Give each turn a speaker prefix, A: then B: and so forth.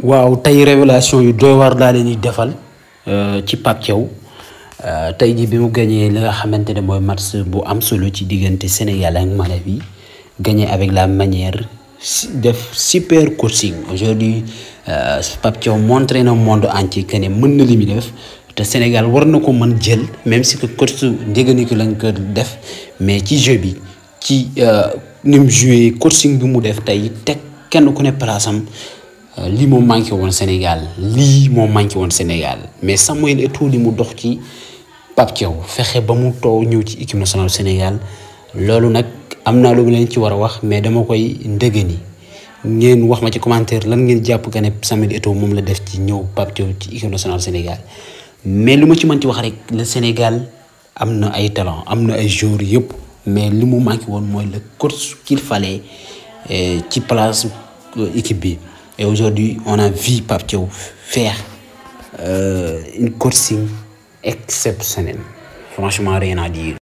A: waaw tay révélation yu doy war laa leen di defal euh, ci Pape Thiaw euh, tey jii bi mu gagné li nga xamante ne match bu am solo ci diganté Sénégal ak Malawi gagné avec la manière def super coaching aujourd'hui euh, Pape Thiaw montré na monde entier que né mën na li def te Sénégal war na ko mën même si que coach déganiku lañ ko def mais ci jeu bi ci euh mu jouer coaching bi mu def tay teg kenn ku ne place am euh, li moo manki won Sénégal li mo manki won Sénégal mais Samuel eto li mu dox ci pap tiew fexé ba mu to ñew ci équipe nationale Sénégal lolu nak amna naa lu leen ci war wax mais dama koy ndëgëni ngeen wax ma ci commentaire lan ngeen japp gané ne Samuel eto mom la def ci ñew pap tiew ci équipe nationale Sénégal mais luma ci man ci wax rek le Sénégal amna ay talent amna ay joueurs yépp mais li mu manqué woon mooy le coach qu'il fallait euh, ci place euh, équipe bi. Et aujourd'hui, on a vu Papio faire euh, une course exceptionnelle. Franchement, rien à dire.